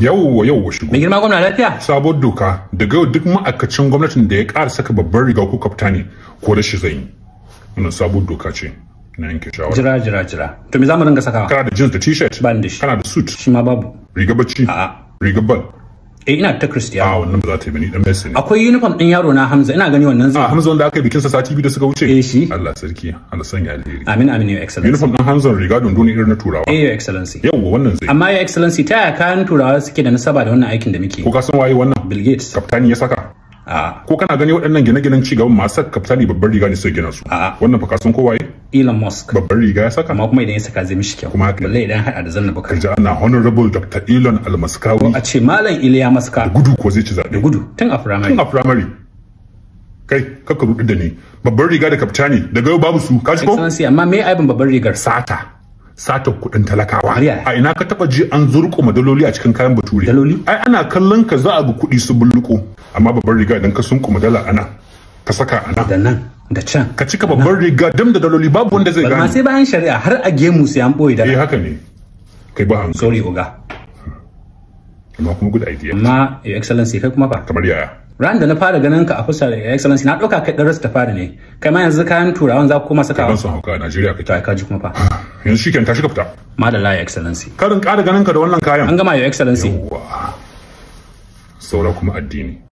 Yawwa yawwa shigo. Mai girma gwamna lafiya? Sabuwar doka daga yau duk ma'aikacin gwamnatin da ya ƙara saka babban riga ko kafta ne ko da shi zai yi. Wannan sabuwar doka ce. Na yanke shawara. Jira jira jira. To me za mu dinga sakawa? Kana da jeans da t-shirt? Ban da shi. Kana da suit? Shi ma babu. Riga bacci? A'a. Riga ball eh ina ta christian a ah, wannan ba za ta yi bane dan Messi ne akwai uniform din yaro na Hamza ina gani wannan zai a ah, Hamza wanda aka yi bikin sa sati biyu da suka wuce eh shi Allah sarki Allah sanya alheri amin amin your excellency uniform din Hamza riga don ne irin na turawa eh your excellency yawa wannan zai amma your excellency ta yaya kayan turawa suke da nasaba da wannan aikin da muke ko ka san waye wannan Bill Gates kaptani ya saka ah. ko kana gani waɗannan gine-ginen cigaban masu kaptani babbar riga ne suke gina su wannan fa ka san ko waye. Elon Musk babbar riga ya saka amma kuma idan ya saka zai mishi kyau kuma balle idan haɗa da zanna bakar. ji ana honorable Dr. Elon Almaskawi a ce malam Iliya Maska da gudu ko zai ci zaɓe. da gudu tun a firamare. tun a firamare. kai kakka rudu da ni babbar riga da kaftani daga yau babu su ka ko? ko amma me aibin babbar rigar sata sata kuɗin talakawa a ina ka taba ji an zurkuma daloli a cikin kayan bature daloli ai ana kallon ka za a ga kuɗi su bulluko amma babbar riga idan ka sun kuma dala ana ka saka a da nan da can ka cika babban riga dam da daloli babu wanda zai gane sai bayan shari'a har a gemu sai an boye da eh haka ne kai ba hankali sorry oga amma kuma good idea amma your excellency kai kuma ba kamar yaya ran da na fara ganin ka a fusa da excellency na dauka kai daras ta fara ne kai ma yanzu kayan turawan za ku koma saka ban san hauka a Najeriya kai ta kaji kuma fa yanzu shikenan ka ka fita madalla your excellency karin da ganin ka da wannan kayan an gama your excellency saura kuma addini